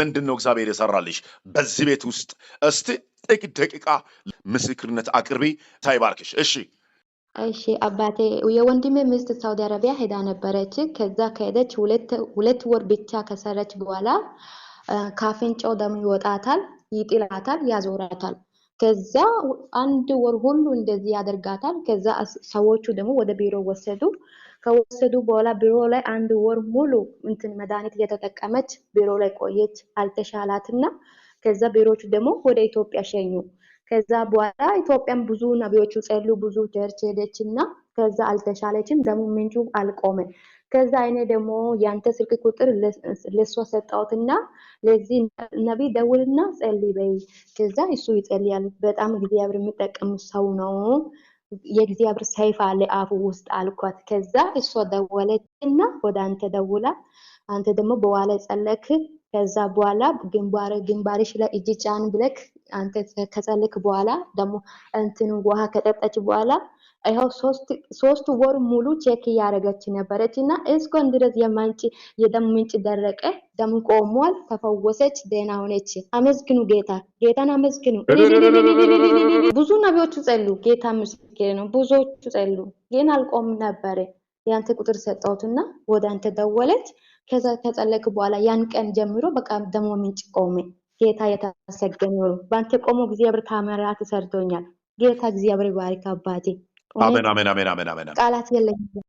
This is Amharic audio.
ምንድን ነው እግዚአብሔር የሰራልሽ በዚህ ቤት ውስጥ? እስቲ ጥቂት ደቂቃ ምስክርነት አቅርቢ። ሳይባርክሽ እሺ እሺ አባቴ የወንድሜ ሚስት ሳውዲ አረቢያ ሄዳ ነበረች። ከዛ ከሄደች ሁለት ወር ብቻ ከሰረች በኋላ ካፍንጫው ደም ይወጣታል፣ ይጥላታል፣ ያዞራታል። ከዛ አንድ ወር ሁሉ እንደዚህ ያደርጋታል። ከዛ ሰዎቹ ደግሞ ወደ ቢሮ ወሰዱ። ከወሰዱ በኋላ ቢሮ ላይ አንድ ወር ሙሉ እንትን መድኃኒት እየተጠቀመች ቢሮ ላይ ቆየች። አልተሻላትና ከዛ ቢሮዎቹ ደግሞ ወደ ኢትዮጵያ ሸኙ። ከዛ በኋላ ኢትዮጵያን ብዙ ነቢዮቹ ጸሉ ብዙ ቸርች ሄደች እና ከዛ አልተሻለችም። ደግሞ ምንጩ አልቆመን። ከዛ አይኔ ደግሞ ያንተ ስልክ ቁጥር ለእሷ ሰጣውትና ለዚህ ነቢ ደውልና ጸልይ በይ። ከዛ እሱ ይጸልያል። በጣም እግዚአብሔር የሚጠቀሙ ሰው ነው። የእግዚአብሔር ሰይፍ አለ አፉ ውስጥ አልኳት። ከዛ እሷ ደወለችና ወደ አንተ ደውላ አንተ ደግሞ በኋላ ጸለክ ከዛ በኋላ ግንባር ግንባርሽ ላይ እጅ ጫን ብለክ አንተ ከጸልክ በኋላ ደግሞ እንትን ውሃ ከጠጣች በኋላ ይኸው ሶስት ወር ሙሉ ቼክ እያደረገች ነበረች እና እስኮን ድረስ የማንጭ የደም ምንጭ ደረቀ፣ ደም ቆሟል፣ ተፈወሰች፣ ደህና ሆነች። አመስግኑ ጌታ፣ ጌታን አመስግኑ። ብዙ ነቢዎቹ ጸሉ፣ ጌታ ምስክር ነው። ብዙዎቹ ጸሉ፣ ግን አልቆም ነበረ የአንተ ቁጥር ሰጠሁትና ወደ አንተ ደወለች። ከዛ ከጸለክ በኋላ ያን ቀን ጀምሮ በቃ ደሞ ምንጭ ቆመ። ጌታ የተመሰገነ ይሁን። በአንተ ቆሞ እግዚአብሔር ታምራት ሰርቶኛል። ጌታ እግዚአብሔር ይባርክ አባቴ። አሜን አሜን አሜን አሜን አሜን። ቃላት የለኝም።